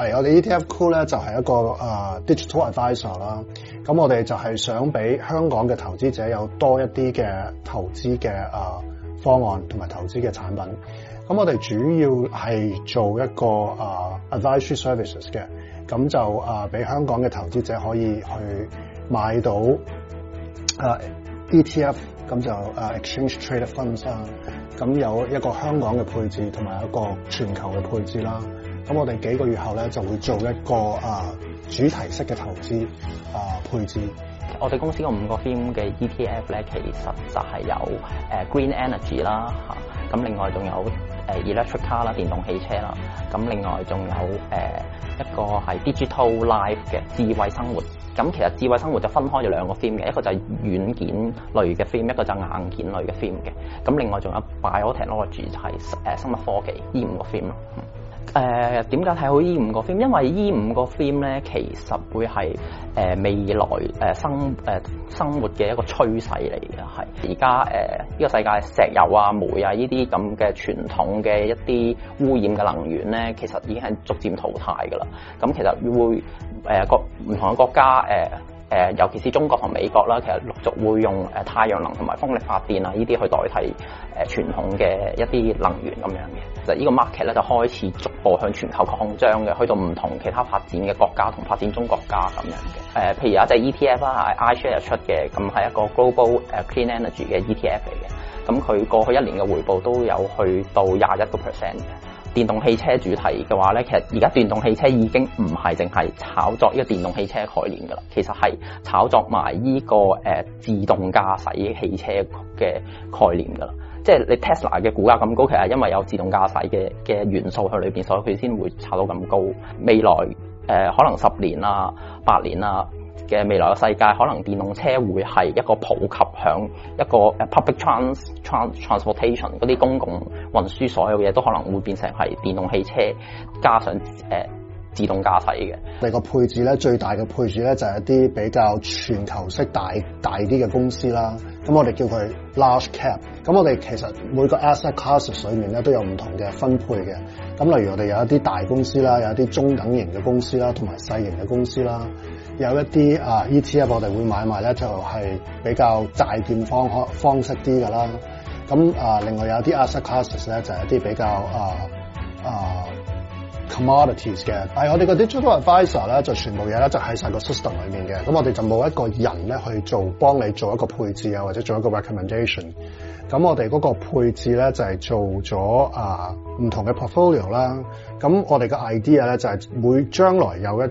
係，我哋 ETF Cool 咧就係、是、一個、uh, digital advisor 啦。咁我哋就係想俾香港嘅投資者有多一啲嘅投資嘅、uh, 方案同埋投資嘅產品。咁我哋主要係做一個啊、uh, advisory services 嘅。咁就啊俾、uh, 香港嘅投資者可以去買到、uh, ETF，咁就、uh, exchange traded funds 啦。咁有一個香港嘅配置同埋一個全球嘅配置啦。咁我哋幾個月後咧就會做一個啊、呃、主題式嘅投資啊、呃、配置。我哋公司有五個 theme 嘅 ETF 咧，其實就係有誒、呃、green energy 啦嚇，咁另外仲有誒 electric car 啦，電動汽車啦，咁另外仲有誒、呃、一個係 digital life 嘅智慧生活。咁其實智慧生活就分開咗兩個 theme 嘅，一個就係軟件類嘅 theme，一個就係硬件類嘅 theme 嘅。咁另外仲有 biotechnology 就係、是、誒、呃、生物科技呢五個 theme 咯、嗯。誒點解睇好呢五個 theme？因為呢五個 theme 咧，其實會係、呃、未來、呃、生、呃、生活嘅一個趨勢嚟嘅，係而家呢個世界石油啊、煤啊呢啲咁嘅傳統嘅一啲污染嘅能源咧，其實已經係逐漸淘汰㗎啦。咁、嗯、其實會各、呃、唔同嘅國家、呃誒，尤其是中國同美國啦，其實陸續會用太陽能同埋風力發電啊，依啲去代替傳統嘅一啲能源咁樣嘅。其實依個 market 咧就開始逐步向全球擴張嘅，去到唔同其他發展嘅國家同發展中國家咁樣嘅。譬如有一隻 ETF 啦係 iShares 出嘅，咁係一個 global clean energy 嘅 ETF 嚟嘅。咁佢過去一年嘅回報都有去到廿一個 percent 嘅。電動汽車主題嘅話咧，其實而家電動汽車已經唔係淨係炒作呢個電動汽車概念噶啦，其實係炒作埋呢個誒、呃、自動駕駛的汽車嘅概念噶啦。即係你 Tesla 嘅股價咁高，其實是因為有自動駕駛嘅嘅元素喺裏邊，所以佢先會炒到咁高。未來誒、呃，可能十年啊，八年啊。嘅未來嘅世界，可能電動車會係一個普及響一個 public trans trans transportation 嗰啲公共運輸所有嘢，都可能會變成係電動汽車加上、呃、自動駕駛嘅。你、這個配置咧，最大嘅配置咧就係、是、一啲比較全球式大大啲嘅公司啦。咁我哋叫佢 large cap。咁我哋其實每個 asset class 裏面咧都有唔同嘅分配嘅。咁例如我哋有一啲大公司啦，有一啲中等型嘅公司啦，同埋細型嘅公司啦。有一啲啊 ETF，我哋會買埋咧，就係比較債券方方式啲噶啦。咁啊，另外有啲 asset classes 咧，就係一啲比較啊啊 commodities 嘅。但係我哋個 digital advisor 咧，就全部嘢咧就喺曬個 system 裏面嘅。咁我哋就冇一個人咧去做幫你做一個配置啊，或者做一個 recommendation。咁我哋嗰個配置咧就係做咗啊唔同嘅 portfolio 啦。咁我哋嘅 idea 咧就係會將來有一。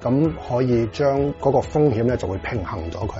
咁可以將嗰個風險咧，就會平衡咗佢。